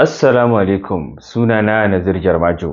Assalamu alaikum sunana Nazir Jarmajo.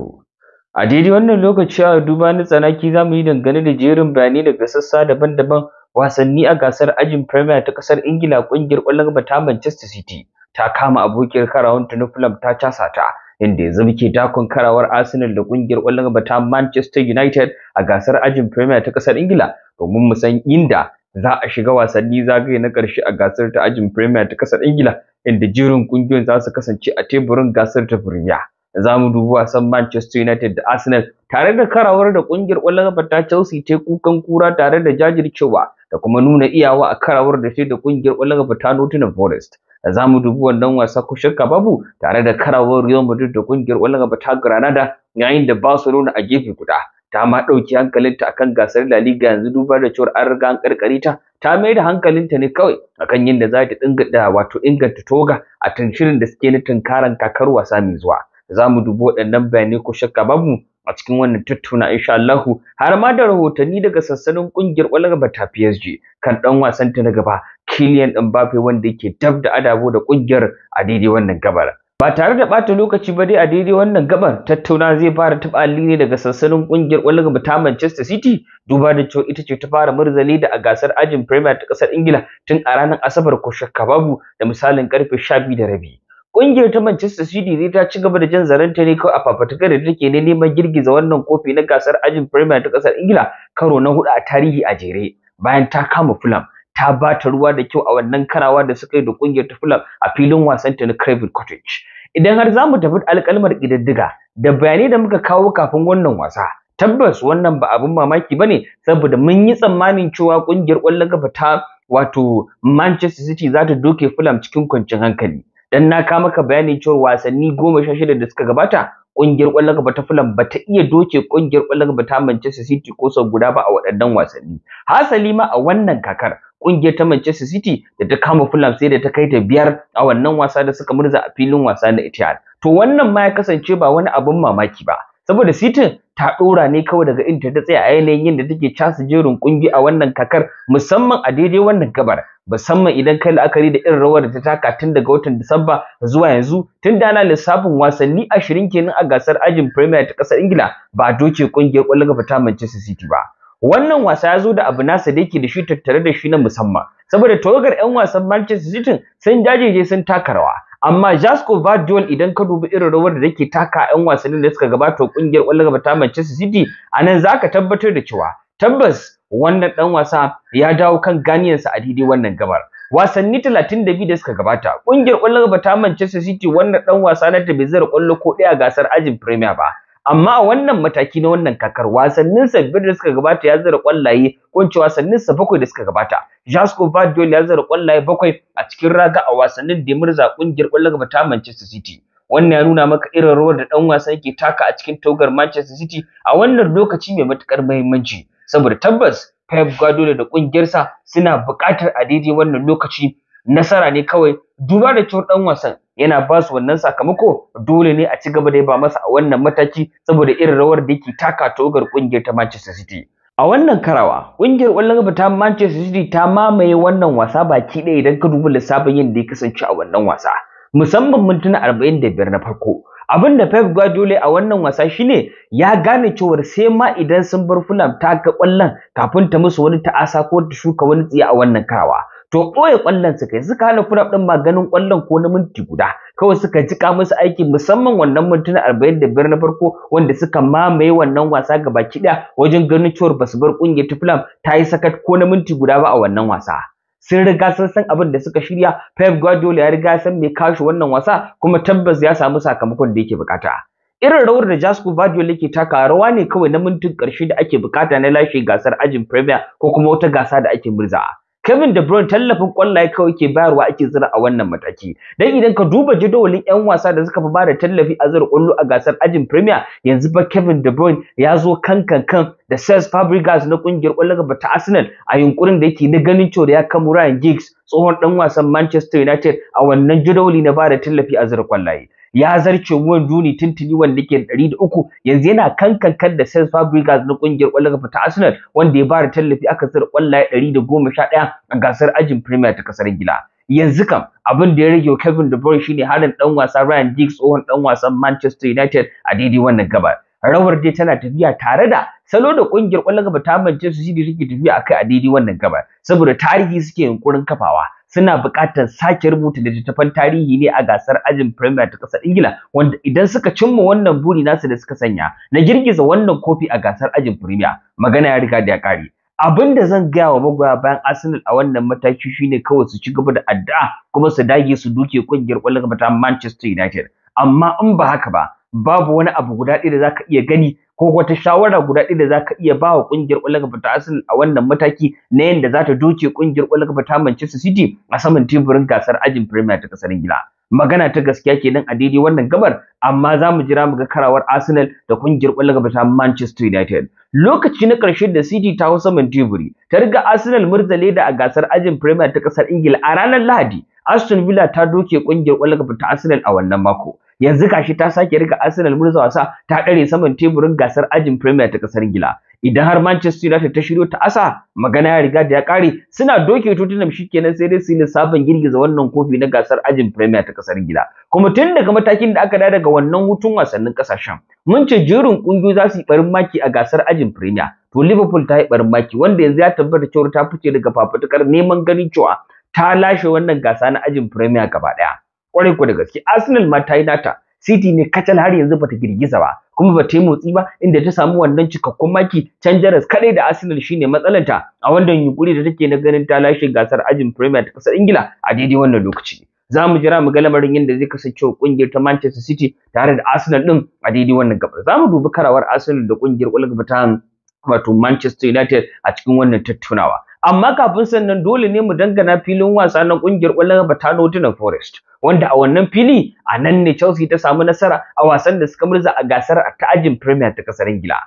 A daidai wannan lokaci a duba na tsanaki za mu yi dangane da jerin bayanai daga sassa daban-daban wasanni a gasar ajin Premier ta kasar Ingila kungiyar kwallon gaba ta Manchester City ta kama abokiyar karawar ta Fulham ta casa ta inda yanzu muke dakon karawar Arsenal da kungiyar ƙwallon gaba ta Manchester United a gasar ajin Premier ta kasar Ingila domin mu san inda za a shiga wasanni zagaye na ƙarshe a gasar ta ajin Premier ta ƙasar Ingila inda jerin ƙungiyoyin za su kasance a teburin gasar ta buriya Za mu dubi wasan Manchester United da Arsenal tare da karawar da ƙungiyar ƙwallon ƙafa ta Chelsea ta kukan kura tare da jajircewa da kuma nuna iyawa a karawar da ta da ƙungiyar ƙwallon ƙafa ta Nottingham Forest. Za mu dubi wannan wasa ko shakka babu tare da karawar Real Madrid da ƙungiyar ƙwallon ƙafa ta Granada yayin da Barcelona a gefe guda ta ma ɗauki hankalinta akan gasar La Liga yanzu duba da cewar an riga an karkare ta ta mai da hankalinta ne kawai akan yinda za ta inganta wato inganta toga a shirin da suke na tunkaran kakar wasa mai zuwa za mu dubo waɗannan bayanai ko shakka babu a cikin wannan tattuna insha Allah har ma da rahotanni daga sassanin ƙungiyar ƙwallon ta PSG kan ɗan wasan ta na gaba Kylian Mbappe wanda yake dab da adabo da ƙungiyar a daidai wannan gabar ba tare da ɓata lokaci ba dai a daidai wannan gabar tattauna zai fara taɓa ne daga sansanin ƙungiyar ƙwallon ta Manchester City duba da cewa ita ce ta fara murzali da a gasar ajin Premier ta ƙasar Ingila tun a ranar Asabar ko shakka babu da misalin karfe 12 da rabi Ƙungiyar ta Manchester City ne ta ci gaba da jan ta ne kawai a fafatakar da take ne neman girgiza wannan kofi na gasar ajin Premier ta ƙasar Ingila karo na hudu a tarihi a jere bayan ta kama Fulham ta bata ruwa da kyau a wannan karawa da suka yi da kungiyar ta Fulham a filin wasan ta na Craven Cottage. Idan har zamu tafi alƙalmar ƙididdiga da bayanai da muka kawo kafin wannan wasa tabbas wannan ba abin mamaki bane saboda mun yi tsammanin cewa kungiyar ƙwallon kafa ta wato Manchester City za ta doke Fulham cikin kwanciyar hankali. Dan na ka maka bayanin cewa wasanni goma sha shida da suka gabata ƙungiyar ƙwallon kafa ta Fulham ba iya doke ƙungiyar ƙwallon kafa ta Manchester City ko sau guda ba a waɗannan wasanni. Hasali ma a wannan kakar ƙungiyar ta Manchester City da ta kama Fulham sai da ta kai ta biyar a wannan wasa da suka murza a filin wasa na Etihad. To wannan ma ya kasance ba wani abin mamaki ba. saboda sitin ta dora ne kawai daga inda ta tsaya a yanayin yadda take casa jerin kungi a wannan kakar musamman a daidai wannan gabar musamman idan kai la'akari da irin rawar da ta taka tun daga watan Disamba zuwa yanzu tun da lissafin wasanni 20 kenan a gasar ajin Premier ta kasar Ingila ba doke kungiyar kwallon kafa ta Manchester City ba wannan wasa ya zo da abu nasa da yake da shi tattare da shi na musamman saboda tawagar 'yan wasan Manchester City sun jajeje sun taka rawa amma Jasko Vardiol idan ka dubi irin rawar da take taka a 'yan wasannin da suka gabata kungiyar kwallon gaba ta Manchester City anan zaka tabbatar da cewa tabbas wannan dan wasa ya dawo kan ganiyansa a daidai wannan gabar wasanni 32 da suka gabata kungiyar kwallon gaba ta Manchester City wannan dan wasa na ta bai zara ko ɗaya gasar ajin Premier ba amma a wannan mataki na wannan kakar wasannin sa biyar da suka gabata ya zira kwallaye ko in ce wasannin sa bakwai da suka gabata Jasko Vardiol ya zira kwallaye bakwai a cikin raga a wasannin da murza kungiyar kwallon gaba ta Manchester City wannan ya nuna maka irin rawar da dan wasa yake taka a cikin taugar Manchester City a wannan lokaci mai matukar muhimmanci saboda tabbas Pep Guardiola da kungiyarsa suna buƙatar a daidai wannan lokaci nasara ne kawai duba da cewar dan wasan yana ba su wannan sakamako dole ne a ci gaba da ba masa a wannan mataki saboda irin rawar da yake taka togar kungiyar ta Manchester City a wannan karawa kungiyar kwallon gaba ta Manchester City ta mamaye wannan wasa baki ɗaya idan ka duba lissafin yin da ya kasance a wannan wasa musamman mintuna 45 na farko abin da Pep Guardiola a wannan wasa shine ya gane cewa sai ma idan sun bar Fulham ta ga ƙwallon kafin ta musu wani ta'asa ko ta shuka wani tsiya a wannan karawa to ɓoye ƙwallon suka yi suka hana fulaf ɗin maganin ƙwallon ko na minti guda kawai suka jika musu aiki musamman wannan mintuna arba'in da biyar na farko wanda suka mamaye wannan wasa gaba baki ɗaya wajen ganin cewar basu bar ƙungiyar ta ta yi sakat ko na minti guda ba a wannan wasa. sun riga sun san abin da suka shirya Pep Guardiola ya riga san me kashi wannan wasa kuma tabbas ya samu sakamakon da yake bukata irin rawar da Jasco Guardiola yake taka rawa ne kawai na mintin karshe da ake bukata na lashe gasar ajin Premier ko kuma wata gasa da ake murza Kevin De Bruyne tallafin kwallaye kawai ke bayarwa ake zira a wannan mataki. Dan idan ka duba jadawalin 'yan wasa da suka fi bada tallafi a zira kwallo a gasar ajin Premier, yanzu ba Kevin De Bruyne ya zo kan kan kan da Cesc Fabregas na kungiyar kwallon gaba ta Arsenal a yunkurin da yake na ganin cewa ya kama Ryan Giggs tsohon ɗan wasan Manchester United a wannan jadawali na bada tallafi a zira kwallaye. ya zarce ruwan Juni tuntuni wanda ke ɗari da uku yanzu yana kankan da Cesc Fabregas na ƙungiyar ƙwallon kafa ta Arsenal wanda ya da tallafi aka sir ƙwallaye ɗari da goma sha ɗaya a gasar ajin Premier ta ƙasar Ingila. Yanzu kam abin da ya rage wa Kevin De Bruyne shine harin ɗan wasa Ryan Giggs tsohon ɗan wasan Manchester United a daidai wannan gabar. rawar dai tana tafiya tare da salo da ƙungiyar kwallon gaba ta Manchester City suke tafiya akai a daidai wannan gaba saboda tarihi suke yunkurin kafawa suna buƙatar sake rubuta littattafan tarihi ne a gasar ajin Premier ta ƙasar Ingila wanda idan suka cimma wannan buri nasu da suka sanya na girgiza wannan kofi a gasar ajin Premier magana ya riga da ya ƙare abin da zan gaya wa magoya bayan Arsenal a wannan mataki shine kawai su ci gaba da addu'a kuma su dage su duke kungiyar ƙwallon kafa ta Manchester United amma in ba haka ba babu wani abu guda ɗaya da zaka iya gani ko wata shawara guda ɗaya da za ka iya ba wa ƙungiyar ƙwallon kafa ta Arsenal a wannan mataki na yadda za ta doke ƙungiyar ƙwallon kafa ta Manchester City a saman teburin gasar ajin Premier ta ƙasar Ingila. Magana ta gaskiya kenan a daidai wannan gabar amma za mu jira mu ga karawar Arsenal da ƙungiyar ƙwallon kafa ta Manchester United. Lokaci na ƙarshe da City ta hau saman teburi ta riga Arsenal murzale da a gasar ajin Premier ta ƙasar Ingila a ranar Lahadi. Aston Villa ta doke ƙungiyar ƙwallon kafa ta Arsenal a wannan mako. yanzu kashi ta sake rika Arsenal murza wasa ta dare saman teburin gasar ajin Premier ta kasar Ingila idan har Manchester United ta shiryo ta asa magana ya riga da ya kare suna doke Tottenham shikenan sai dai su ne sabon girgiza wannan kofi na gasar ajin Premier ta kasar Ingila kuma tun daga matakin da aka da daga wannan hutun wasannin kasashen mun ce jerin kungiyoyi za su yi barin maki a gasar ajin Premier to Liverpool ta yi barin maki wanda yanzu ya tabbata cewa ta fice daga fafutukar neman ganin cewa ta lashe wannan gasa na ajin Premier gaba daya kwarai ku da gaske Arsenal ma ta yi nata City ne kacal har yanzu bata girgiza ba kuma bata yi motsi ba inda ta samu wannan cikakkun maki can jaras kadai da Arsenal shine matsalanta a wannan yunkuri da take na ganin ta lashe gasar ajin Premier ta kasar Ingila a daidai wannan lokaci za mu jira mu ga lamarin yadda zai kasance kungiyar ta Manchester City tare da Arsenal din a daidai wannan gaba. za mu dubi karawar Arsenal da kungiyar Wolves ta wato Manchester United a cikin wannan tattunawa Amma kafin sannan dole ne mu dangana filin wasa na kungiyar ƙwallon kafa ta Nottingham Forest wanda a wannan fili a nan ne Chelsea ta samu nasara a wasan da suka murza a gasar ta ajin Premier ta ƙasar Ingila.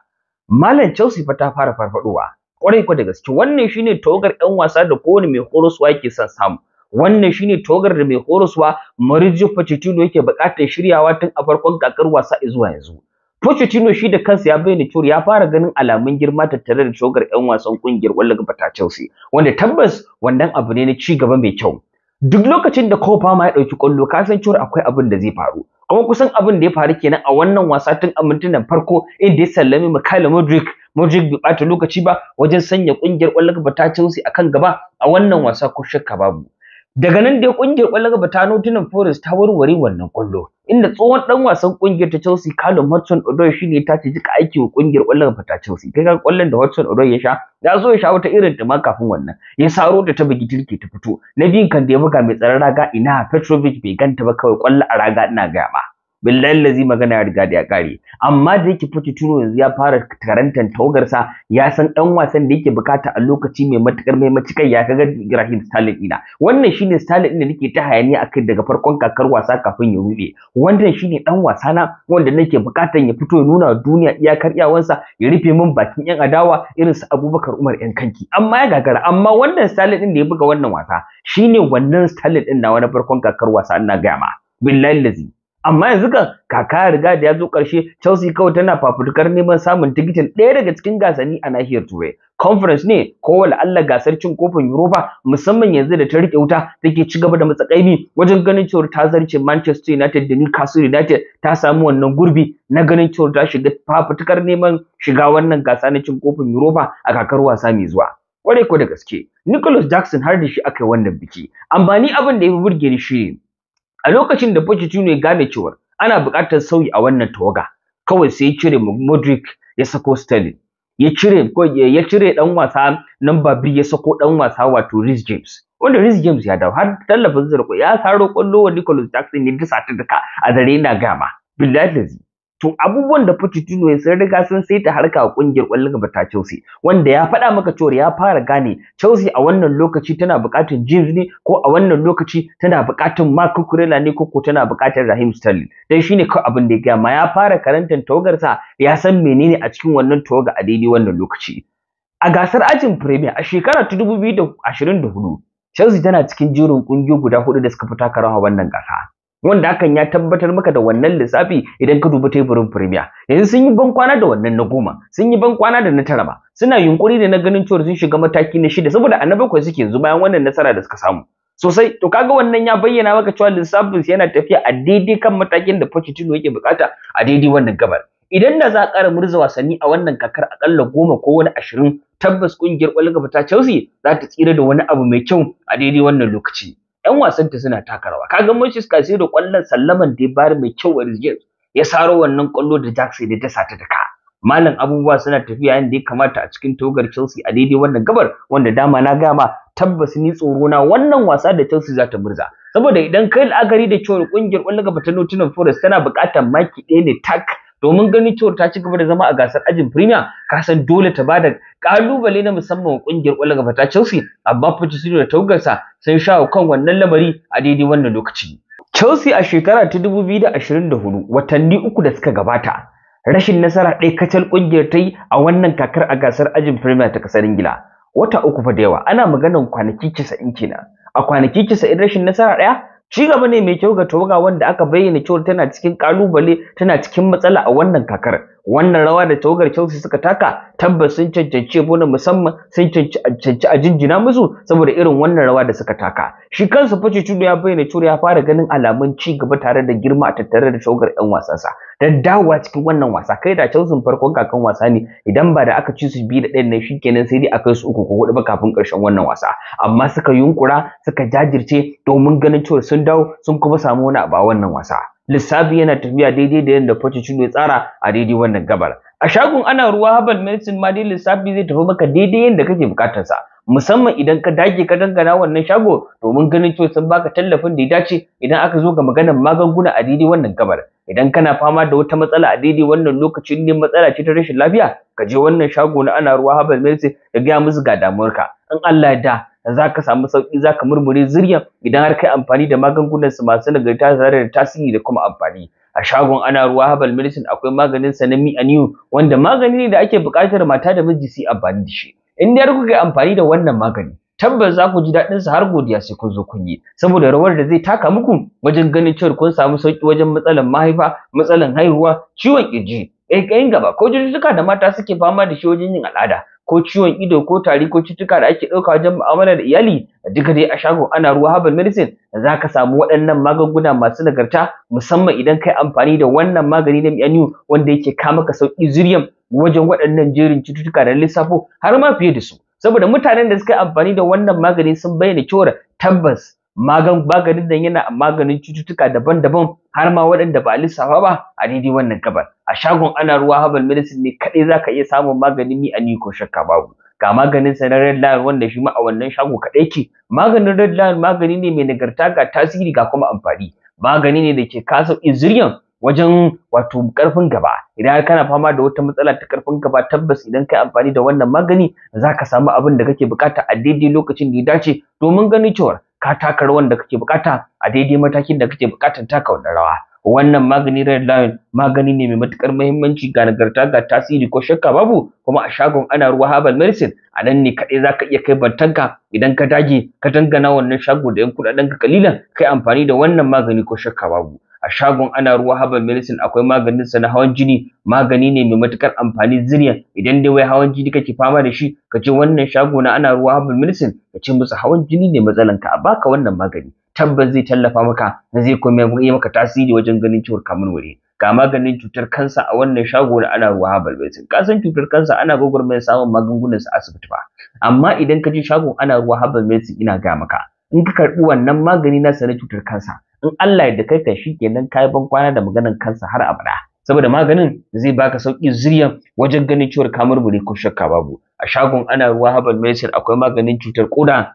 Malam Chelsea fa ta fara farfaɗowa? Kwarai kwa da gaske wannan shine togar 'yan wasa da kowane mai horoswa yake son samu. wannan shine togar da mai horoswa Mauricio Pochettino yake buƙatar shiryawa tun a farkon kakar wasa zuwa yanzu Pochettino shi da kansa ya bayyana cewa ya fara ganin alamun girma tattare da shogar 'yan wasan kungiyar wallaga bata ta Chelsea wanda tabbas wannan abu ne na ci gaba mai kyau duk lokacin da Copa ma ya ɗauki ƙwallo ka san cewa akwai abin da zai faru kuma kusan abin da ya faru kenan a wannan wasa tun a mintunan farko inda ya sallami Mikhail Modric Modric bai ɓata lokaci ba wajen sanya ƙungiyar ƙwallon bata ta Chelsea akan gaba a wannan wasa ko shakka babu Daga nan dai kungiyar kwallon gaba ta Nottingham Forest ta warware wannan kwallo inda tsohon ɗan wasan kungiyar ta Chelsea Callum Hudson-Odoi shine ta ci jika aiki wa kungiyar kwallon gaba ta Chelsea. Kai ga ƙwallon da Hudson-Odoi ya sha, ya zo ya sha wata irin ta ma kafin wannan. Ya saro da ta bugi tilke ta fito. Na biyun kan da ya buga mai tsaron raga ina Petrovic bai ganta ba kawai kwallo a raga ina gaya ba. billahi lazi magana ya riga da ya kare amma da yake Pochettino yanzu ya fara karantan tawagarsa ya san dan wasan da yake bukata a lokaci mai matukar mai ya ya kaga Ibrahim stalin ina wannan shine Stalin din da nake ta hayani akai daga farkon kakar wasa kafin ya rube wannan shine dan wasa na wanda nake bukatan ya fito ya nuna duniya iyakar iyawansa ya rufe min bakin yan adawa irin su Abubakar Umar yan kanki amma ya gagara amma wannan Stalin din da ya buga wannan wasa shine wannan Stalin din na wani farkon kakar wasa ina ga ma billahi lazi amma yanzu kan kaka riga da ya zo ƙarshe Chelsea kawai tana fafutukar neman samun tikitin ɗaya daga cikin gasanni a nahiyar Turai conference ne ko Allah gasar cin kofin Europa musamman yanzu da ta rike wuta take ci gaba da matsakaimi wajen ganin cewar ta zarce Manchester United da Newcastle United ta samu wannan gurbi na ganin cewa ta shiga fafutukar neman shiga wannan gasa na cin kofin Europa a kakar wasa mai zuwa kwarai ko da gaske Nicholas Jackson har da shi aka yi wannan biki amma ni abin da ya burge ni shi a lokacin da Pochettino ya gane cewa ana buƙatar sauyi a wannan tawaga kawai sai ya cire Modric ya sako Sterling ya cire ya cire dan wasa number 2 ya sako dan wasa wato Reece James wanda Reece James ya dawo har tallafin zirko ya saro kwallo wa Nicholas Jackson ne bisa ta duka a dare na gama billahi to abubuwan da Pochettino ya sun riga sun saita harka a kungiyar ƙwallon gaba ta Chelsea wanda ya faɗa maka cewa ya fara gane Chelsea a wannan lokaci tana buƙatar James ne ko a wannan lokaci tana buƙatar Mark Kurela ne ko ko tana buƙatar Raheem Sterling dan shine kawai abin da ya gaya ma ya fara karantar tawagarsa ya san menene a cikin wannan tawaga a daidai wannan lokaci a gasar ajin Premier a shekara ta 2024 Chelsea tana cikin jerin ƙungiyoyi guda hudu da suka fita karawa wannan gasa wanda hakan ya tabbatar maka da wannan lissafi idan ka duba teburin firimiya yanzu sun yi ban kwana da wannan na goma sun yi ban kwana da na tara ba suna yunkuri da na ganin cewa sun shiga mataki na shida saboda a na bakwai suke yanzu bayan wannan nasara da suka samu sosai to kaga wannan ya bayyana maka cewa lissafin yana tafiya a daidai kan matakin da Pochettino yake bukata a daidai wannan gabar idan da za a ƙara murza wasanni a wannan kakar akalla goma ko wani ashirin tabbas kungiyar ƙwallon gaba ta Chelsea za ta tsira da wani abu mai kyau a daidai wannan lokaci 'yan wasanta suna taka rawa kaga Moses Caicedo kwallon sallaman da ya bayar mai kyau a ya saro wannan kwallo da Jackson da ta sata da malam abubuwa suna tafiya yadda ya kamata a cikin togar Chelsea a daidai wannan gabar wanda dama na gama tabbas ni tsoro na wannan wasa da Chelsea za ta burza saboda idan kai la'akari da cewa kungiyar kwallon gaba ta Nottingham Forest tana bukatar maki ɗaya ne tak domin ganin cewar ta ci gaba da zama a gasar ajin Premier ka san dole ta bada kalubale na musamman wa kungiyar ƙwallon gaba ta Chelsea amma Pochettino da taugarsa sun sha kan wannan lamari a daidai wannan lokaci Chelsea a shekara ta 2024 watanni uku da suka gabata rashin nasara ɗaya kacal kungiyar ta yi a wannan kakar a gasar ajin Premier ta kasar Ingila wata uku fa da yawa ana maganar kwanaki 90 kenan a kwanaki 90 rashin nasara ɗaya ci gaba ne mai kyau ga tawaga wanda aka bayyana cewa tana cikin ƙalubale tana cikin matsala a wannan kakar wannan rawa da tawagar Chelsea suka taka tabbas sun cancanci yabo musamman sun cancanci a jinjina musu saboda irin wannan rawa da suka taka shi kansa Pochettino ya bayyana cewa ya fara ganin alamun ci gaba tare da girma a tattare da tawagar ɗan wasansa dan dawowa cikin wannan wasa kai da Chelsea farkon kakan wasa ne idan ba da aka ci su biyu da ɗayan ne shikenan sai dai a kai su uku ko hudu ba kafin ƙarshen wannan wasa amma suka yunkura suka jajirce domin ganin cewa sun dawo sun kuma samu wani abu a wannan wasa lissafi yana tafiya daidai da yadda Pochettino ya tsara a daidai wannan gabar. A shagon ana ruwa Herbal Medicine ma dai lissafi zai tafi maka daidai yadda kake sa. Musamman idan ka dage ka dangana wannan shago domin ganin cewa sun baka tallafin da ya dace idan aka zo ga maganar magunguna a daidai wannan gabar. Idan kana fama da wata matsala a daidai wannan lokacin ne matsala ce ta rashin lafiya, ka je wannan shago na ana ruwa Herbal Medicine da gaya musu ga damuwarka. In Allah ya da za ka samu sauki zaka ka murmure zuriyan idan har kai amfani da magungunan su masu nagarta tare da tasiri da kuma amfani a shagon ana ruwa Habal medicine akwai maganin sa na wanda magani ne da ake buƙatar mata da miji su amfani da shi in dai kuka yi amfani da wannan magani tabbas za ku ji daɗin sa har godiya sai kun zo kun yi saboda rawar da zai taka muku wajen ganin cewa kun samu sauki wajen matsalan mahaifa matsalan haihuwa ciwon kirji ƙaiƙayin gaba ko cututtuka da mata suke fama da shi wajen yin al'ada ko ciwon ido ko tari ko cutuka da ake ɗauka wajen mu'amala da iyali duka dai a shagon ana ruwa herbal medicine za ka samu waɗannan magunguna masu nagarta musamman idan kai amfani da wannan magani na mianu wanda yake kama ka sauki zuriyam wajen waɗannan jerin cututtuka da lissafo har ma fiye da su saboda mutanen da suka yi amfani da wannan magani sun bayyana cewa tabbas maganin nan yana maganin cututtuka daban-daban har ma waɗanda ba a lissafa ba a daidai wannan gabar a shagon ana ruwa herbal medicine ne kaɗai za ka iya samun maganin mi a ni ko shakka babu ga maganin sa na red wanda shi ma a wannan shago kaɗai ke maganin red lion magani ne mai nagarta ga tasiri ga kuma amfani magani ne da ke kasa iziryan wajen wato karfin gaba idan kana fama da wata matsala ta karfin gaba tabbas idan kai amfani da wannan magani zaka samu abin da kake bukata a daidai lokacin da ya dace domin ganin cewa ka taka rawan da kake bukata a daidai matakin da kake bukatar taka wannan rawa wannan magani red lion magani ne mai matukar muhimmanci ga nagarta ga tasiri ko shakka babu kuma a shagon ana ruwa herbal medicine a nan ne kaɗai zaka iya kai bantanka idan ka dage ka dangana wannan shago da yan kuɗaɗen ka kalilan kai amfani da wannan magani ko shakka babu a shagon ana ruwa herbal medicine akwai maganin sa na hawan jini magani ne mai matukar amfani zuriya idan dai wai hawan jini kake fama da shi ka ce wannan shago na ana ruwa herbal medicine ka ce musu hawan jini ne matsalan ka a baka wannan magani tabbas zai tallafa maka na zai kuma yi maka tasiri wajen ganin ciwon kamun wuri ga maganin cutar kansa a wannan shago na ana ruwa herbal medicine ka san cutar kansa ana gwagwarmayar samun magungunan sa asibiti ba amma idan ka je shagon ana ruwa herbal medicine ina ga maka in ka karɓi wannan magani na na cutar kansa in Allah ya da kai ka shi kenan ka ban kwana da maganan kansa har abada saboda maganin zai baka sauki zuriya wajen ganin ciwon kamar ko shakka babu a shagon ana ruwa habal medicine akwai maganin cutar koda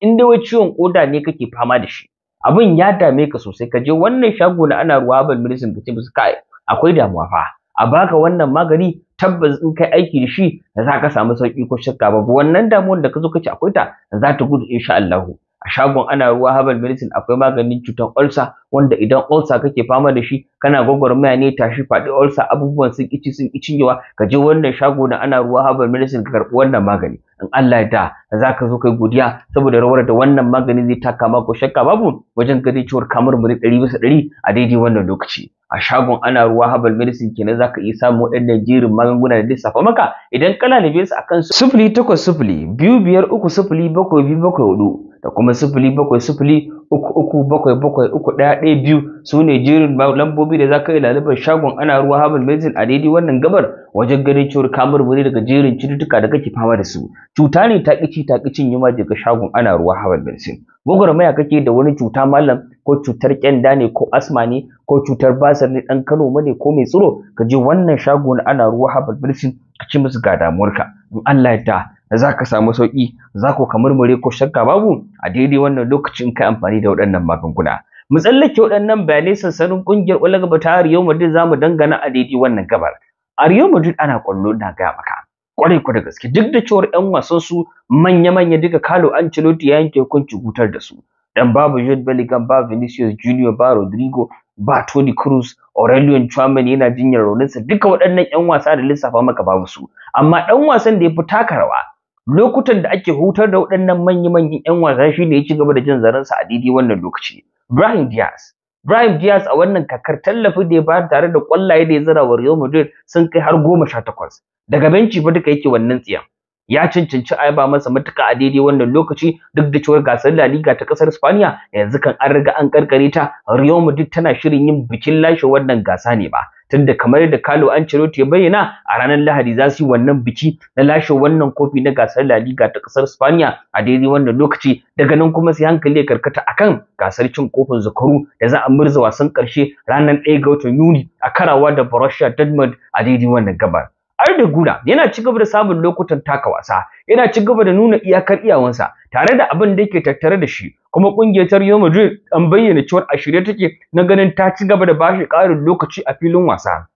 in dai wai ciwon koda ne kake fama da shi abin ya dame ka sosai ka je wannan shago na ana ruwa habal medicine ka ce musu kai akwai damuwa fa a baka wannan magani tabbas in kai aiki da shi za ka samu sauki ko shakka babu wannan damuwar da ka zo ka ci akwai ta za ta gudu insha Allah a shagon ana ruwa herbal medicine akwai maganin cutar ulcer wanda idan ulcer kake fama da shi kana gwagwarmaya ne tashi faɗi ulcer abubuwan sun ƙici sun yawa ka je wannan shago na ana ruwa herbal medicine ka karɓi wannan magani in Allah ya da za ka zo kai godiya saboda rawar da wannan magani zai taka maka shakka babu wajen ganin cewar kamar muri ɗari bisa ɗari a daidai wannan lokaci a shagon ana ruwa herbal medicine kenan za ka iya samun waɗannan jerin magunguna da safa maka idan kana lalabe su akan sufuli takwas sufuli biyu biyar uku bakwai biyu bakwai hudu da kuma sifili bakwai sifili uku uku bakwai bakwai uku ɗaya ɗaya biyu su ne jerin lambobi da za ka yi lalibar shagon ana ruwa habal medicine a daidai wannan gabar wajen ganin cewar kamar wuri daga jerin cututtuka da kake fama da su cuta ne ta ƙici ta ƙicin yi daga shagon ana ruwa habal medicine maya kake da wani cuta Mallam ko cutar kyanda ne ko asma ne ko cutar basar ne ɗan kano ne ko mai tsiro ka je wannan shagon ana ruwa habal medicine ka ci musu ga damuwarka in Allah ya ta za ka samu sauki, za ku ka murmure ko shakka babu a daidai wannan lokacin kai amfani da waɗannan magunguna mu tsallake waɗannan bayanai sansanin ƙungiyar Olagba ta Ariyo Madrid za mu dangana a daidai wannan gabar a Madrid ana ƙwallo na gaya maka Kwarai ku da gaske duk da cewar 'yan wasan su manya-manya duka Carlo Ancelotti ya yanke hukunci gutar da su dan babu Jude Bellingham ba Vinicius Junior ba Rodrigo ba Toni Kroos, Aurelion Chouamani yana jinyar sa duka waɗannan 'yan wasa da lissafa maka babu su amma ɗan wasan da ya fi taka rawa lokutan da ake hutar da waɗannan manya-manyan 'yan wasa shi ne ya ci gaba da jin zaransa a daidai wannan lokaci. Brian Diaz. Brian Diaz a wannan kakar tallafi da ya bada tare da kwallaye da ya zira wa Real Madrid sun kai har goma sha takwas. Daga benci ba duka yake wannan tsiyan. Ya cancanci a ba masa matuka a daidai wannan lokaci duk da cewar gasar La Liga ta kasar Spaniya yanzu kan an riga an karkare ta Real Madrid tana shirin yin bikin lashe wannan gasa ne ba. tunda kamar yadda Carlo Ancelotti ya bayyana a ranar Lahadi za su yi wannan biki na lashe wannan kofi na gasar La Liga ta kasar Spaniya a daidai wannan lokaci daga nan kuma sai hankali ya karkata akan gasar cin kofin zakaru da za a murza wasan karshe ranar 1 ga watan Yuni a karawa da Borussia Dortmund a daidai wannan gabar Ardegula yana ci gaba da samun lokutan taka wasa, yana ci gaba da nuna iyakar iyawansa tare da abin da yake tattare da shi, kuma kungiyar ta Real Madrid an bayyana cewa a shirye take na ganin ta ci gaba da bashi ƙarin lokaci a filin wasa.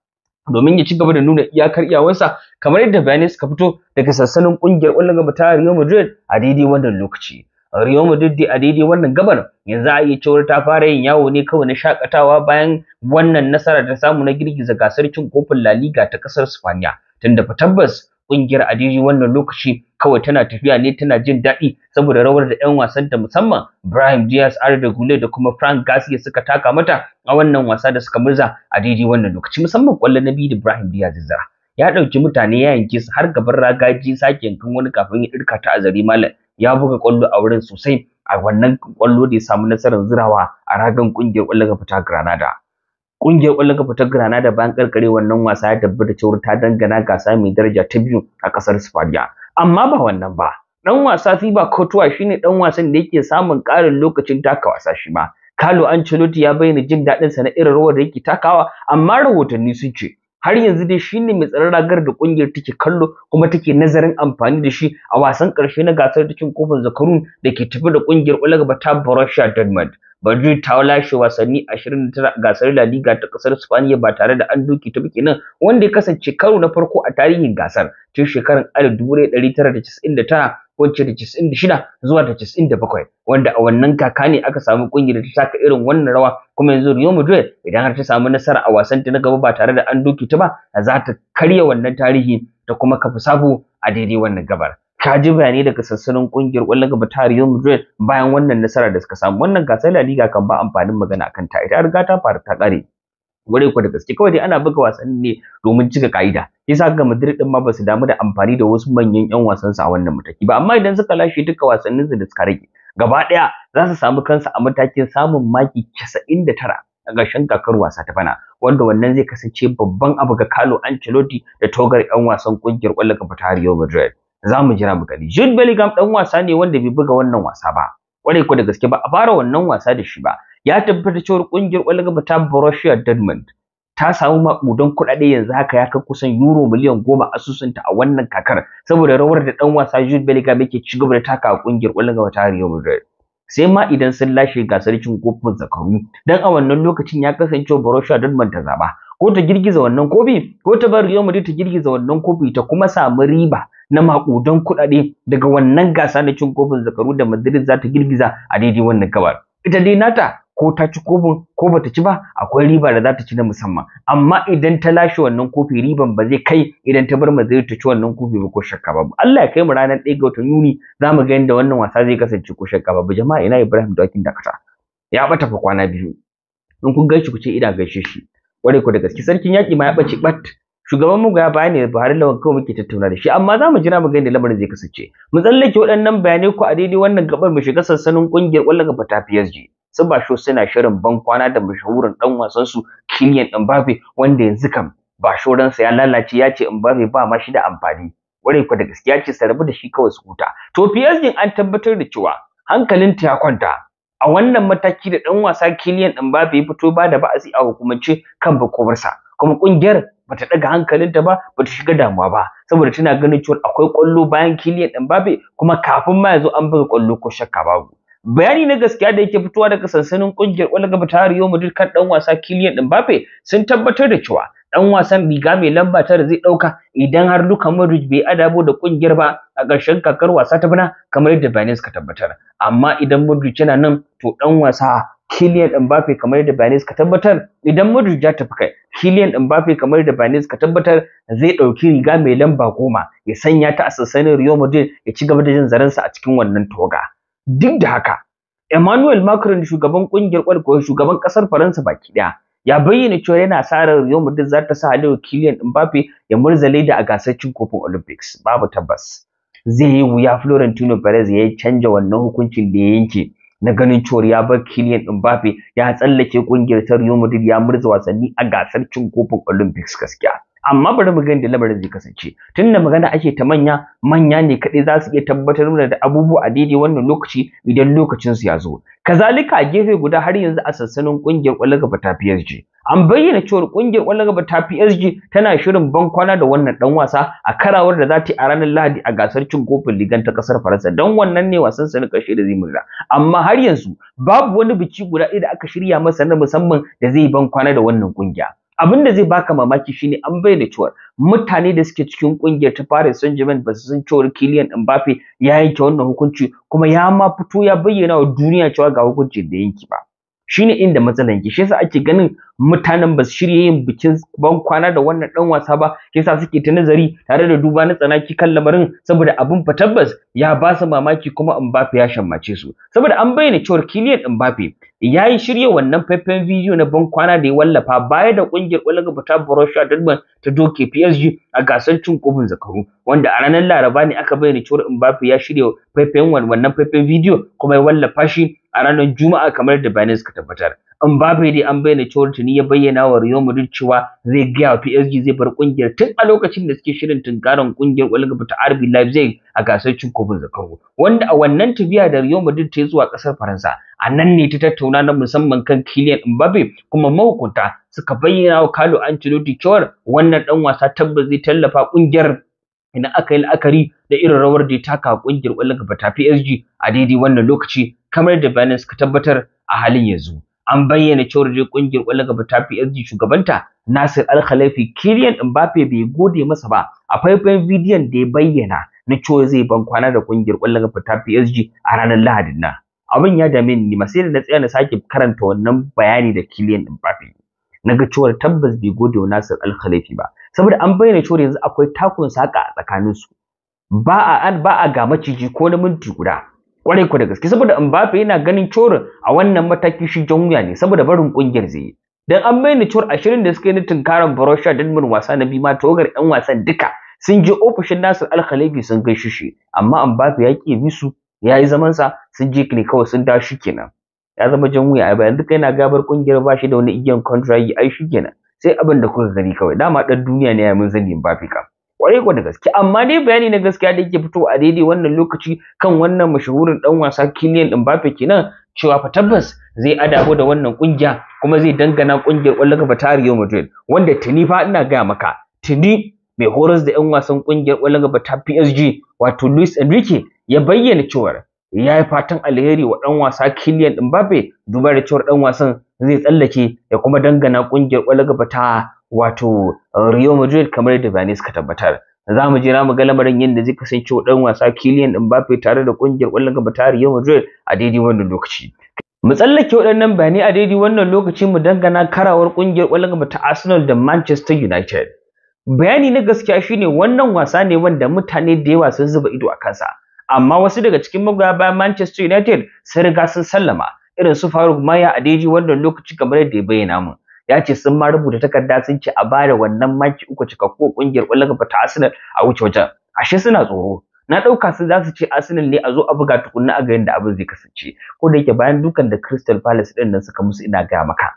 domin ya ci gaba da nuna iyakar iyawansa kamar yadda bayanai suka fito daga sassanin kungiyar ƙwallon gaba ta Real Madrid a daidai wannan lokaci. Real Madrid a daidai wannan gabar yanzu a iya cewar ta fara yin yawo ne kawai na shakatawa bayan wannan nasara ta samu na girgiza gasar cin kofin La Liga ta kasar Spaniya. tunda fa tabbas kungiyar Adiji wannan lokaci kawai tana tafiya ne tana jin daɗi saboda rawar da ƴan wasan ta musamman Ibrahim Diaz Arda Gule da kuma Frank Garcia suka taka mata a wannan wasa da suka murza Adiji wannan lokaci musamman ƙwallo na biyu da Ibrahim Diaz zara ya ɗauki mutane ya yanke su har gaban ragaji sake yankan wani kafin ya ɗirka ta a zari malam ya buga kwallo a wurin sosai a wannan ƙwallo da ya samu nasarar zirawa a ragan ƙungiyar kwallo ga fita Granada Ƙungiyar ƙwallon kafa ta Granada bayan karkare wannan wasa ya tabbata cewa ta dangana gasa mai daraja ta biyu a ƙasar Spaniya. Amma ba wannan ba. Dan wasa Fiba Kotuwa shine ɗan wasan da yake samun ƙarin lokacin taka wasa shi ma. Carlo Ancelotti ya bayyana jin daɗinsa na irin rawar da yake takawa amma rahotanni sun ce har yanzu dai shine mai tsaron ragar da kungiyar take kallo kuma take nazarin amfani da shi a wasan ƙarshe na gasar cikin kofin zakarun da ke tafi da kungiyar ƙwallon gaba ta Borussia Dortmund. Madrid ta lashe wasanni 29 gasar La Liga ta kasar Spaniya ba tare da an doke ta biki nan wanda ya kasance karo na farko a tarihin gasar tun shekarar 1999 ko ce da 96 zuwa da 97 wanda a wannan kaka ne aka samu kungiyar ta taka irin wannan rawa kuma yanzu Real Madrid idan har ta samu nasara a wasan ta na gaba ba tare da an doke ta ba za ta karya wannan tarihi ta kuma kafa sabo a daidai wannan gabar ka ji bayani daga sassanin kungiyar kwallon gaba ta Real Madrid bayan wannan nasara da suka samu wannan gasar La Liga kan ba amfanin magana akan ta ita riga ta fara ta kare gure ku da gaske kawai dai ana buga wasanni ne domin cika ka'ida yasa ga Madrid din ma ba su damu da amfani da wasu manyan ƴan wasan su a wannan mataki ba amma idan suka lashe duka wasannin su da suka rage gaba ɗaya za su samu kansu a matakin samun maki 99 a ƙarshen kakar wasa ta bana wanda wannan zai kasance babban abu ga Carlo Ancelotti da togar ƴan wasan kungiyar kwallon gaba ta Real Madrid za mu jira mu gani Jude Bellingham dan wasa ne wanda bai buga wannan wasa ba kwarai ko da gaske ba a fara wannan wasa da shi ba ya tabbata cewa kungiyar kwallon gaba ta Borussia Dortmund ta samu maƙudan kuɗaɗe yanzu haka ya kai kusan euro miliyan goma asusunta a wannan kakar saboda rawar da ɗan wasa Jude Bellingham yake ci gaba da taka a ƙungiyar ƙwallon gaba ta Real Madrid sai ma idan sun lashe gasar cin kofin zakaru dan a wannan lokacin ya kasance Borussia Dortmund ta zaba ko ta girgiza wannan kofi ko ta bar mu Madrid ta girgiza wannan kofi ta kuma samu riba na makudan kuɗaɗe daga wannan gasa na cin kofin zakaru da Madrid za ta girgiza a daidai wannan gabar ita dai nata ko ta ci kofin ko bata ci ba akwai riba da za ta ci na musamman amma idan ta lashe wannan kofi riban ba zai kai idan ta bar Madrid ta ci wannan kofi ba ko shakka ba Allah ya kai mu ranar 1 ga watan Yuni za mu ga yadda wannan wasa zai kasance ko shakka ba jama'a ina Ibrahim da Dakata ya bata fa kwana biyu in kun gaishe ku ce ina gaishe shi kware ku da gaske sarkin yaƙi ma ya ɓaci ɓat shugaban mu ga bayani da Buhari lawan kawai muke tattauna da shi amma za mu jira mu ga inda lamarin zai kasance mu tsallake waɗannan bayanai ku a daidai wannan gabar mu shiga sansanin ƙungiyar ƙwallon kafa PSG su ba sho suna shirin ban kwana da mashahurin dan wasan su Kylian Mbappe wanda yanzu kam ba sa ya lalace ya ce Mbappe ba ma shi da amfani kwarai ku da ya ce sa rabu da shi kawai su huta to PSG an tabbatar da cewa ta ya kwanta a wannan mataki da ɗan wasa Kylian Mbappe ya fito ba da ba'asi a hukumance kan bakowarsa kuma kungiyar bata daga hankalinta ba bata shiga damuwa ba saboda tana ganin cewa akwai kwallo bayan Kylian Mbappe kuma kafin ma yazo an buga kwallo ko shakka babu bayani na gaskiya da yake fitowa daga sansanin kungiyar Olga ta Rio Madrid kan dan wasa Kylian Mbappe sun tabbatar da cewa dan wasan riga mai lamba tara zai dauka idan har Luka Modric bai adabo da kungiyar ba a ƙarshen kakar wasa ta bana kamar yadda bayanai suka tabbatar amma idan Modric yana nan to dan wasa Kylian Mbappe kamar yadda bayanai suka tabbatar idan Modric ya tafi kai Kylian Mbappe kamar da bayanai suka tabbatar zai ɗauki riga mai lamba goma ya sanya ta a sansanin Real Madrid ya ci gaba da jin sa a cikin wannan toga. duk da haka Emmanuel Macron shugaban kungiyar kwalkwal shugaban kasar Faransa baki daya ya bayyana cewa yana asarar Real Madrid za ta sa Aliyu Kylian Mbappe ya murzale da a gasar cin kofin Olympics babu tabbas zai yi wuya Florentino Perez ya canja wannan hukuncin da ya yanke na ganin cewa ya bar Kylian Mbappe ya tsallake kungiyar ta Real Madrid ya murza wasanni a gasar cin kofin Olympics gaskiya amma bari mu gani da lamarin zai kasance tunda magana ake ta manya manya ne kaɗai za su iya tabbatar mana da abubuwa a daidai wannan lokaci idan lokacin su ya zo kazalika a gefe guda har yanzu a sansanin kungiyar ƙwallon gaba ta PSG an bayyana cewa ƙungiyar ƙwallon gaba ta PSG tana shirin bankwana da wannan dan wasa a karawar da za ta yi a ranar Lahadi a gasar cin kofin ligan ta kasar Faransa dan wannan ne wasan sa na ƙarshe da zai murna amma har yanzu babu wani biki guda ɗaya da aka shirya masa na musamman da zai ban kwana da wannan ƙungiya abin da zai baka mamaki shine an bayyana cewa mutane da suke cikin kungiyar ta Paris Saint-Germain ba su san cewa Kylian Mbappe ya yanke wannan hukunci kuma ya ma fito ya bayyana wa duniya cewa ga hukunci da yanki ba shine inda matsalan ke shi yasa ake ganin mutanen ba su shirye yin bikin ban kwana da wannan dan wasa ba shi yasa suke ta nazari tare da duba na tsanaki kan lamarin saboda abin fa tabbas ya ba su mamaki kuma Mbappe ya shammace su saboda an bayyana cewa Kylian Mbappe ya yi shirya wannan faifan bidiyo na ban kwana da ya wallafa baya da kungiyar ƙwallon fita Borussia Dortmund ta doke PSG a gasar cin kofin zakaru wanda a ranar Laraba ne aka bayyana cewa Mbappe ya shirya faifan wannan faifan bidiyo kuma ya wallafa shi a ranar Juma'a kamar da bayanai suka tabbatar. in babu dai an bayyana cewar tuni ya bayyana wa Real Madrid cewa zai gaya wa PSG zai bar kungiyar tun a lokacin da suke shirin tunkarin kungiyar Olga ta RB Leipzig a gasar cin kofin zakaru wanda a wannan tafiya da Real Madrid ta zuwa kasar Faransa a nan ne ta tattauna na musamman kan Kylian Mbappe kuma mahukunta suka bayyana wa Carlo Ancelotti cewar wannan dan wasa tabbas zai tallafa kungiyar ina aka la'akari da irin rawar da ya taka kungiyar ƙwallon gaba ta PSG a daidai wannan lokaci kamar da bayanin ka tabbatar a halin yanzu an bayyana cewar da kungiyar kwallon gaba ta PSG shugabanta Nasir Al-Khalifi Kylian Mbappe bai gode masa ba a faifan bidiyon da ya bayyana na cewa zai ban kwana da kungiyar kwallon gaba ta PSG a ranar Lahadin na. abin ya dame ni ma sai da na tsaya na sake karanta wannan bayani da Kylian Mbappe na ga cewa tabbas bai gode wa Nasir Al-Khalifi ba saboda an bayyana cewa yanzu akwai takun saka a tsakaninsu ba a ba a ga maciji ko na minti guda kwarai ku da gaske saboda Mbappe yana ganin corin a wannan mataki shi jan wuya ne saboda barin kungiyar zai yi. dan an ni cor 20 da suka yi na tunkaran Borussia Dortmund wasa na biyu ma togar yan wasan duka sun je ofishin Nasir Al-Khalifi sun ga shi amma Mbappe ya ke bisu ya yi zaman sa sun je ne kawai sun shi kenan ya zama jan wuya ai bayan duka yana gabar kungiyar ba shi da wani igiyan contract ai shi kenan sai abin da kuka gani kawai dama dan duniya ne ya mun zani Mbappe kam kwarai kwa da gaske amma dai bayani na gaskiya da yake fito a daidai wannan lokaci kan wannan mashahurin dan wasa Kylian Mbappe kenan cewa fa tabbas zai adabo da wannan kungiya kuma zai dangana kungiyar kwallon kafa ta Real Madrid wanda tuni fa ina ga maka tuni mai horas da 'yan wasan kungiyar kwallon kafa ta PSG wato Luis Enrique ya bayyana cewa ya yi fatan alheri wa dan wasa Kylian Mbappe duba da cewa dan wasan zai tsallake ya kuma dangana kungiyar kwallon kafa ta wato uh, Real Madrid kamar yadda bayanai suka tabbatar. Za mu je jira mu ga lamarin yadda zai kasance dan wasa Kylian Mbappe tare da kungiyar ƙwallon gaba ta Real Madrid a daidai wannan lokaci. Mu tsallake waɗannan bayanai a daidai wannan lokaci mu dangana karawar kungiyar ƙwallon gaba ta Arsenal da Manchester United. Bayani na gaskiya shine wannan wasa ne wanda mutane da yawa sun zuba ido a kansa. Amma wasu daga cikin magoya bayan Manchester United sun riga sun sallama irin su Faruk Maya a daidai wannan lokaci kamar yadda ya bayyana mu. ya ce sun ma rubuta takarda sun ce a bada wannan maki uku cika ko kungiyar ƙwallon kafa ta Arsenal a wuce wajen ashe suna tsoro na ɗauka su za su ce Arsenal ne a zo a buga tukunna a garin da abin zai kasance ko da yake bayan dukan da Crystal Palace ɗin nan suka musu ina gaya maka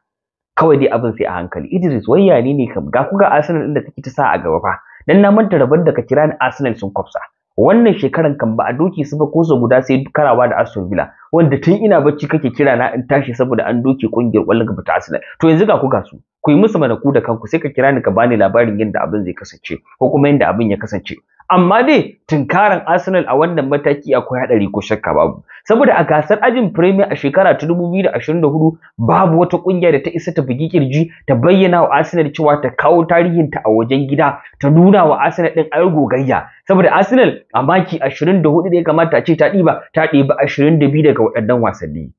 kawai dai abin sai a hankali Idris wayya ne ne kam ga ku Arsenal ɗin da kake ta sa a gaba fa dan na manta rabon da ka kira ni Arsenal sun kwafsa wannan shekaran kan ba a doki su ba ko guda sai karawa da Aston Villa wanda tun ina bacci kake kira na in tashi saboda an doke kungiyar kwallon gaba ta Arsenal to yanzu ga ku ga su ku yi musu mana ku da kanku sai ka kira ni ka bani labarin yadda abin zai kasance ko kuma yadda abin ya kasance amma dai tunkaran Arsenal a wannan mataki akwai hadari ko shakka babu saboda a gasar ajin Premier a shekara ta 2024 babu wata kungiya da ta isa ta bugi kirji ta bayyana wa Arsenal cewa ta kawo tarihin ta a wajen gida ta nuna wa Arsenal din ayar gogayya saboda Arsenal a maki 24 da ya kamata a ce ta ɗiba ta diba 22 daga waɗannan wasanni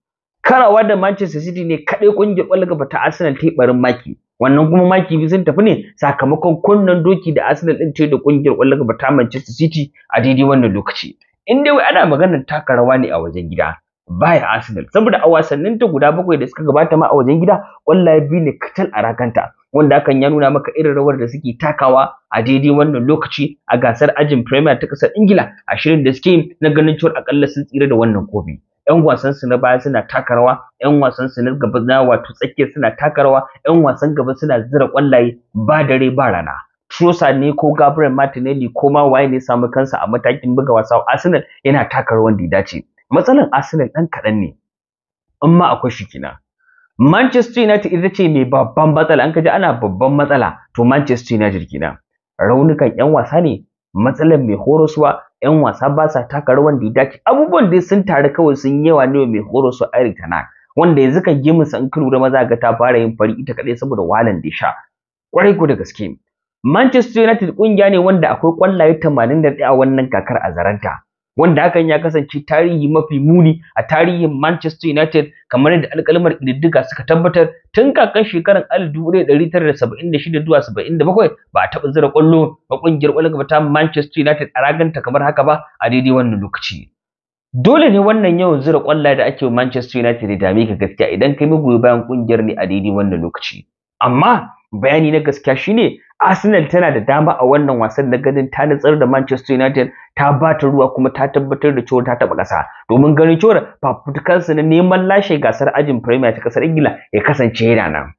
karawa da Manchester City ne kaɗai ƙungiyar ƙwallon ta Arsenal ta yi ɓarin maki wannan kuma maki biyu sun tafi ne sakamakon kunnan doki da Arsenal ɗin ta da ƙungiyar ƙwallon gaba ta Manchester City a daidai wannan lokaci in dai ana maganar taka rawa ne a wajen gida baya Arsenal saboda a wasannin ta guda bakwai da suka gabata ma a wajen gida ƙwallaye biyu ne kacal a rakanta wanda hakan ya nuna maka irin rawar da suke takawa a daidai wannan lokaci a gasar ajin Premier ta ƙasar Ingila a shirin da suke na ganin cewa akalla sun tsira da wannan kofi 'yan wasan su na baya suna taka rawa 'yan wasan su na gaba na wato tsakiya suna taka rawa 'yan wasan gaba suna zira kwallaye ba dare ba rana Trosa ne ko Gabriel Martinelli ko ma waye ne samu kansa a matakin buga wasa Arsenal yana taka rawan da ya dace matsalan Arsenal dan kaɗan ne in ma akwai shi kina Manchester United ita ce mai babban matsala an kaji ana babban matsala to Manchester United kina raunukan 'yan wasa ne matsalar mai horo suwa, yan wasa ba sa taka rawan da ya dace abubuwan dai sun taru kawai sun yi yawa ne mai horo horoswa Eric na? wanda yanzu kan giminsa in ka da maza ga ta fara yin fari ita kadai saboda walan da sha kwarai ko da gaske Manchester United kungiya ne wanda akwai kwallaye 81 a wannan kakar a zaranta wanda hakan ya kasance tarihi mafi muni a tarihin Manchester United kamar yadda alƙalmar ƙididdiga suka tabbatar tun kakan shekarar 1976 zuwa 77 ba a taɓa zira ƙwallo ba ƙungiyar ƙwallon gaba ta Manchester United a raganta kamar haka ba a daidai wannan lokaci. Dole ne wannan yawan zira kwalla da ake wa Manchester United da dame ka gaskiya idan kai magoyi bayan ƙungiyar ne a daidai wannan lokaci. Amma bayani na gaskiya shine Arsenal tana da dama a wannan wasan na ganin ta nutsar da Manchester United ta ba ta ruwa kuma ta tabbatar da cewa ta taɓa ƙasa domin ganin cewa fafutukansu na neman lashe gasar ajin Premier ta ƙasar Ingila ya kasance yana nan.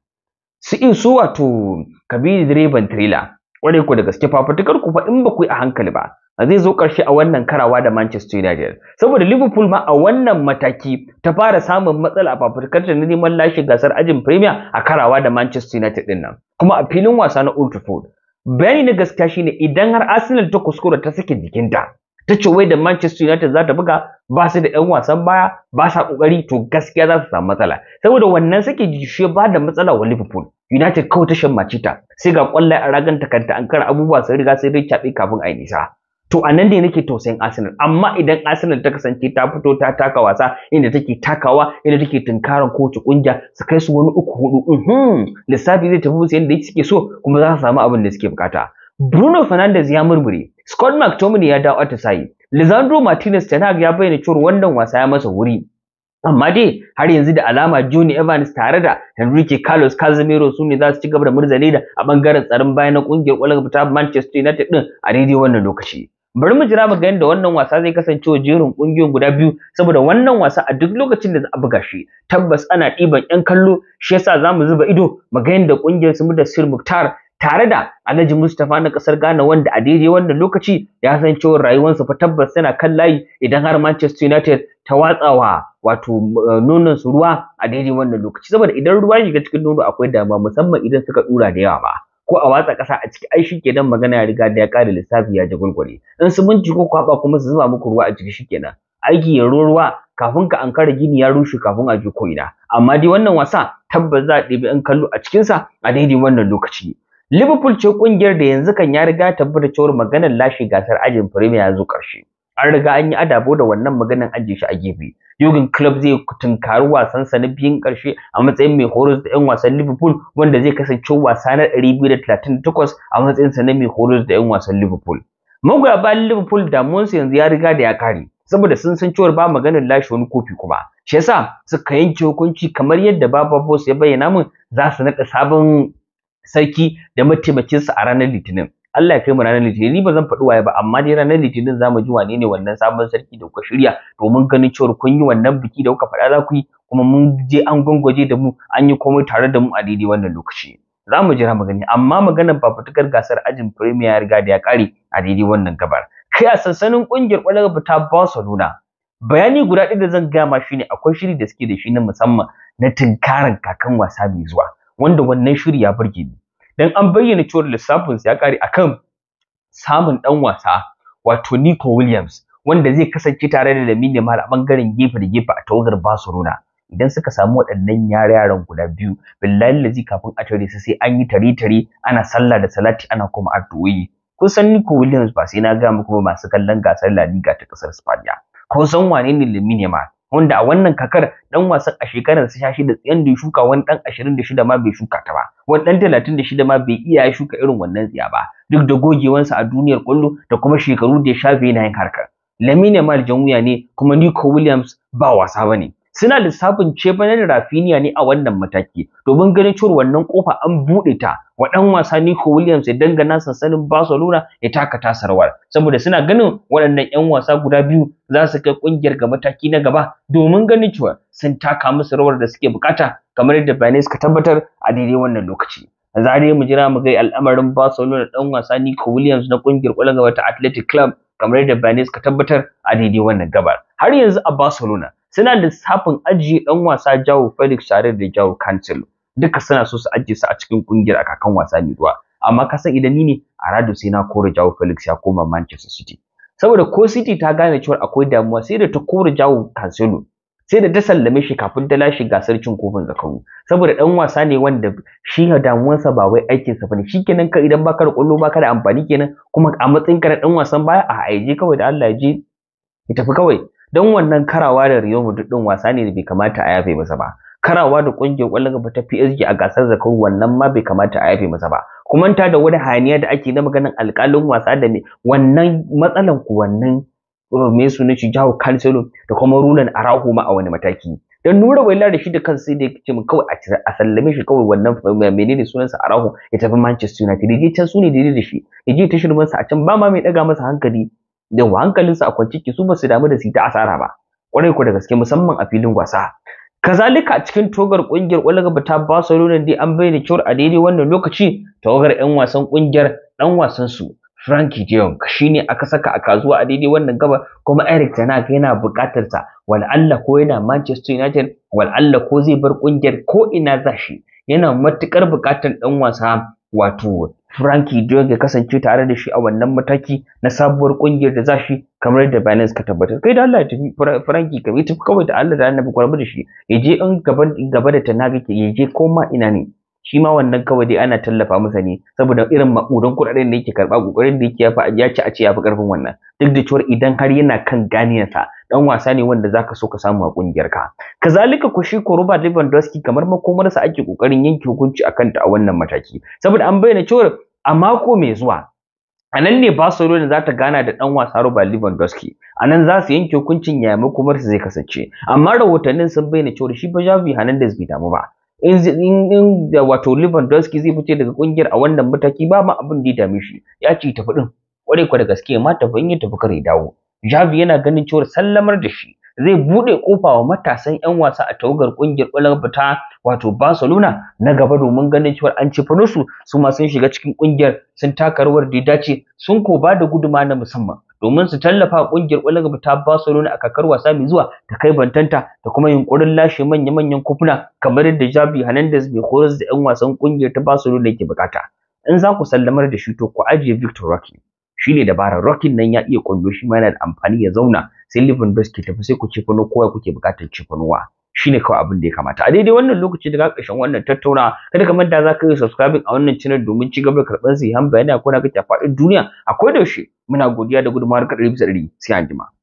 Su in su wato Kabiru direban trailer kware ku da gaske fafutukar ku fa in ba ku yi a hankali ba zai zo karshe a wannan karawa da Manchester United saboda Liverpool ma a wannan mataki ta fara samun matsala a fafutukar ta neman lashe gasar ajin Premier a karawa da Manchester United din nan kuma a filin wasa na Old Trafford bayani na gaskiya shine idan har Arsenal ta kuskura ta sake jikinta ta ce wai da Manchester United za ta buga ba su da 'yan wasan baya ba sa kokari to gaskiya za su samu matsala saboda wannan sake jishe ba da matsala wa Liverpool United kawai ta shammaci sai ga kwallaye a ragan takarta an kara abubuwa sun riga sai dai caɓe kafin a yi nisa to a nan ne nake tausayin Arsenal amma idan Arsenal ta kasance ta fito ta taka wasa inda take takawa inda take tunkaran kowace kungiya su kai su wani uku hudu uhm, lissafi zai tafi yadda suke so kuma za su samu abin da suke bukata Bruno Fernandes ya murmure Scott McTominay ya dawo ta sayi Lisandro Martinez ta ya bayyana cewa wannan wasa ya masa wuri amma dai har yanzu da alama Juni Evans tare da Henrique Carlos Casemiro su ne za su ci gaba da murzani da a bangaren tsaron baya na kungiyar kwallon fita Manchester United din a daidai wannan lokaci. Bari mu jira mu ga yadda wannan wasa zai kasance wa jerin kungiyoyin guda biyu saboda wannan wasa a duk lokacin da za a buga shi tabbas ana ɗiban 'yan kallo shi yasa za mu zuba ido mu ga yadda kungiyar su da Sir Mukhtar tare da Alhaji Mustapha na kasar Ghana wanda a daidai wannan lokaci ya san cewa rayuwarsa fa tabbas tana kan layi idan har Manchester United ta watsawa wato eh, nonon su ruwa a daidai wannan lokaci saboda idan ruwa shiga cikin nono akwai damuwa musamman idan suka dura da yawa ba ko a watsa kasa a ciki ai shikenan magana ya riga da ya ƙare lissafi ya ji gulgule in su mun ko kwaba kuma su zuba muku ruwa a ciki shikenan aiki ya ruwa kafin ka ankara gini ya rushe kafin a ji ko ina amma dai wannan wasa tabbas za a ɗebi 'yan kallo a cikinsa a daidai wannan lokaci Liverpool ce kungiyar da yanzu kan ya riga ta tabbata cewar maganar lashe gasar ajin Premier ya zo ƙarshe. An riga an yi adabo da wannan maganar ajin shi a gefe. Jurgen Klopp zai tunkari wasan sa na biyun ƙarshe a matsayin mai horos da 'yan wasan Liverpool wanda zai kasance wasa na 238 a matsayin sa na mai horos da 'yan wasan Liverpool. Magoya bayan Liverpool su yanzu ya riga da ya kare saboda sun san cewar ba maganar lashe wani kofi kuma. Shi yasa suka yanke hukunci kamar yadda Baba Boss ya bayyana mun za su naɗa sabon sarki da mataimakinsa a ranar litinin Allah ya kai mu ranar litinin ni ba zan faɗi waye ba amma dai ranar litinin za mu ji wane ne wannan sabon sarki da kuka shirya domin ganin cewa kun yi wannan biki da kuka faɗa za ku yi kuma mun je an gwangwaje da mu an yi komai tare da mu a daidai wannan lokaci za mu jira mu gani amma maganar fafutukar gasar ajin premier ya riga da ya ƙare a daidai wannan gabar kai a sansanin ƙungiyar ƙwallon kafa ta Barcelona bayani guda ɗaya da zan gaya ma shine akwai shiri da suke da shi na musamman na tunkarin kakan wasa mai zuwa wanda wannan shiri ya burge ni dan an bayyana lissafin lissafinsa ya kare akan samun dan wasa wato Nico Williams wanda zai kasance tare da Lamine Yamal a bangaren gefe da gefe a tawagar Barcelona idan suka samu waɗannan yare yaran guda biyu billahi lazi kafin a tare su sai an yi tare tare ana sallah da salati ana kuma addu'o'i kun san Nico Williams ba sai na ga muku kuma masu kallon gasar La Liga ta kasar Spain kun san wane ne Lamine Yamal wanda a wannan kakar dan wasan a shekarar sa shashi da tsiyan da ya shuka wani dan 26 ma bai shuka ta ba wani dan 36 ma bai iya ya shuka irin wannan tsiya ba duk da gogewansa a duniyar kwallo da kuma shekaru da ya shafe yana yin harkar Lamine Mal wuya ne kuma Nico Williams ba wasa bane suna lissafin cefane da Rafinha ne a wannan mataki domin ganin cewa wannan kofa an buɗe ta wa Dan wasa Nico Williams ya dangana sansanin Barcelona ya taka tasarwar saboda suna ganin waɗannan ƴan wasa guda biyu za su kai ƙungiyar ga mataki na gaba domin ganin cewa sun taka musu rawar da suke bukata kamar yadda bayanai suka tabbatar a daidai wannan lokaci. Zare mu jira mu ga al'amarin Barcelona Dan wasa Nico Williams na ƙungiyar kwallon gaba ta Athletic Club kamar yadda bayanai suka tabbatar a daidai wannan gabar. Har yanzu a Barcelona suna lissafin ajiye dan wasa jawo Felix tare da jawo Cancelo duka suna so su ajiye su a cikin kungiyar a kakan wasa mai ruwa. amma ka san idan ni ne a Rado sai na kore Jawo Felix ya koma Manchester City saboda ko City ta gane cewa akwai damuwa sai da ta kore jawo Cancelo sai da ta sallame shi kafin ta lashe gasar cin kofin zakaru saboda ɗan wasa ne wanda shi damuwarsa ba wai aikinsa bane shikenan ka idan baka da kwallo baka da amfani kenan kuma a matsayin ka na dan wasan baya a aije kawai da Allah ya je ya tafi kawai don wannan karawa da Real Madrid din wasa ne da bai kamata a yafe masa ba karawa da kungiyar kwallon gaba ta PSG a gasar zakar wannan ma bai kamata a yafe masa ba kuma ta da wani haniya da ake na maganin alƙalin wasa da me wannan matsalan ku wannan uh, me su shi Jao Cancelo da kuma Runan Araujo ma a wani mataki dan nura waila da shi da kansa da yake ce kawai a sallame shi kawai wannan uh, menene sunansa Araujo ya tafi Manchester United je can sune daidai da shi ya je ta sa, a can ba ma mai daga masa hankali yawa hankalinsu a kwance ki su ba su damu da su ta asara ba kwarai ku da gaske musamman a filin wasa kazalika a cikin togar kungiyar kwallon ta Barcelona dai an bayyana cewar a daidai wannan lokaci tawagar yan wasan kungiyar ɗan wasan su Franky de Jong shine aka saka a kazuwa a daidai wannan gaba kuma Eric Ten Hag yana buƙatar sa wal Allah ko yana Manchester United wal Allah ko zai bar kungiyar ko ina zashi yana matukar buƙatar ɗan wasa wato Frankie Dion ya kasance tare da shi a wannan mataki na sabuwar kungiyar da za shi kamar da Binance ka tabbatar kai da Allah ya tafi Frankie ka tafi kawai da Allah da Annabi kwarbu da shi ya je in gaba gaba da tana gake, ya je koma ina ne shi ma wannan kawai dai ana tallafa masa ne saboda irin makudan kuɗaɗen da yake karɓa kokarin da yake yafa ya ci a ce yafi karfin wannan duk da cewa idan har yana kan ganiyarsa dan wasa ne wanda zaka so ka samu a kungiyar ka kazalika ku shi ko Robert Lewandowski kamar makomarsa ake kokarin yanke hukunci akan ta a wannan mataki saboda an bayyana cewa a mako mai zuwa a nan ne Barcelona za ta gana da ɗan wasa Robert Lewandowski a nan za su yanke hukuncin yaya makomarsa zai kasance amma rahotannin sun bayyana cewa shi ba Javi Hernandez bai damu ba in da wato Lewandowski zai fice daga kungiyar a wannan mataki ba ma abin da ya dame shi ya ci tafi din kwarai kwa da gaske ma tafi in ya tafi kare dawo Javi yana ganin cewa sallamar da shi zai bude kofa wa matasan yan wasa a tawagar kungiyar ƙwallon fita wato Barcelona na gaba domin ganin cewa an ci fanusu su ma sun shiga cikin kungiyar sun taka rawar da ya dace sun ko ba da guduma na musamman domin su tallafa kungiyar ƙwallon ta Barcelona a kakar wasa mai zuwa ta kai bantanta da kuma yunkurin lashe manya-manyan kufuna kamar yadda Javi Hernandez mai horas da 'yan wasan kungiyar ta Barcelona yake bukata. In za ku sallamar da shi to ku ajiye Victor Roque, Shi ne dabarar Roque nan ya iya kwallo shi ma yana da amfani ya zauna sai Livin Best ke tafi sai ku ce fano kowa kuke bukatar ce fanowa. shine kawai abin da ya kamata a daidai wannan lokaci daga ƙarshen wannan tattauna kada ka manta za ka yi subscribing a wannan channel domin ci gaba da karɓar sahihan bayanai a kona kake a faɗin duniya a yaushe muna godiya da gudunmawar ka ɗari bisa ɗari sai anjima